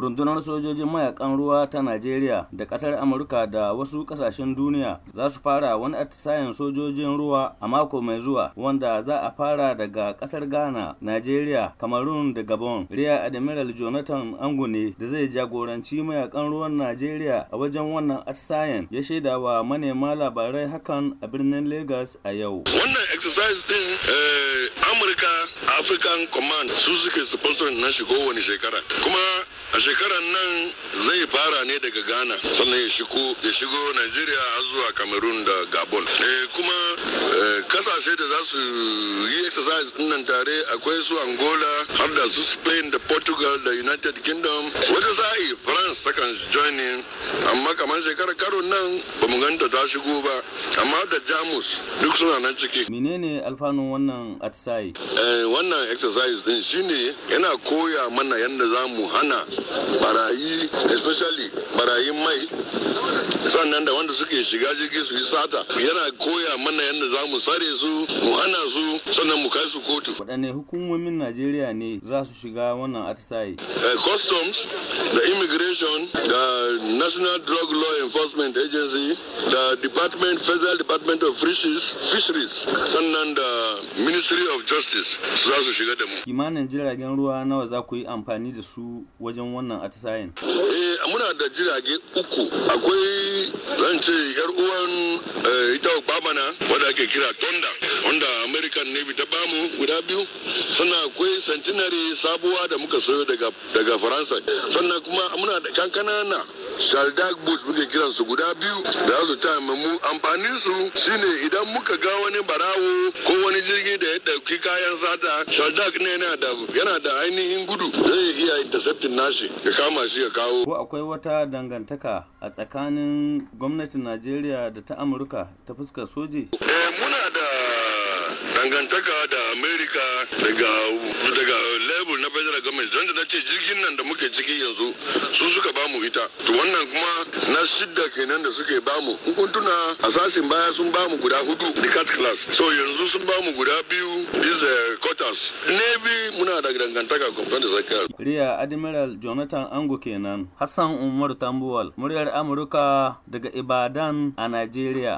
rundunar sojojin mayakan ruwa ta najeriya da kasar amurka da wasu kasashen duniya za su fara wani atisayen sojojin ruwa a mako mai zuwa wanda za a fara daga kasar ghana najeriya cameroon da gabon riya admiral jonathan angune da zai jagoranci mayakan ruwan najeriya a wajen wannan atisayen ya shaida wa manema labarai hakan a birnin lagos a yau wannan exercise din eh, amurka african command su suke na shigo wani shekara a shekarar nan zai fara ne daga ghana sannan ya shigo ya shigo nigeria har zuwa cameroon da gabon eh, kuma eh, kasashe da za su yi exercise nan tare akwai su angola har da su spain da portugal da united kingdom wata sa'i france join in amma kamar shekarar karo nan ba mu ganta ta shigo ba amma da jamus duk suna nan ciki menene alfanun wannan exercise eh, wannan exercise din shine yana koya mana yadda za mu hana barayi especially barayin mai sannan da wanda suke shiga jirgin su yi sata yana koya mana yadda za mu tsare su mu hana su sannan mu kai su kotu waɗanne hukumomin najeriya ne za su shiga wannan atisaye eh, customs da immigration da national drug law enforcement agency da department federal department of fisheries, fisheries sannan da ministry of justice za su shiga da mu kimanin jiragen ruwa nawa za ku yi amfani da su wajen wannan atisayen eh muna da jirage uku akwai zan ce yar uwan eh, ita babana na wadda ake kira tonda wanda american navy ta bamu guda biyu sannan akwai centenary sabuwa da muka sayo daga faransa sannan kuma muna da kankana na saldak bush muke kiran su guda biyu da su ta mu amfanin su shine idan muka ga wani barawo ko wani jirgin da ya dauki kayan sata saldak ne yana da yana da ainihin gudu zai iya intercepting nashi ya kama shi ya kawo ko akwai wata dangantaka a tsakanin gwamnatin Najeriya da ta Amurka ta fuskar soji eh muna da dangantaka da Amerika daga fara gama da na ce jirgin nan da muke ciki yanzu su suka bamu ita to wannan kuma na shidda kenan da suke bamu in kun tuna a sasin baya sun bamu guda hudu the cat class so yanzu sun bamu guda biyu is uh, quarters navy muna da dangantaka kwamfan da zakar riya admiral jonathan ango kenan hassan umar tambuwal muryar amurka daga ibadan a nigeria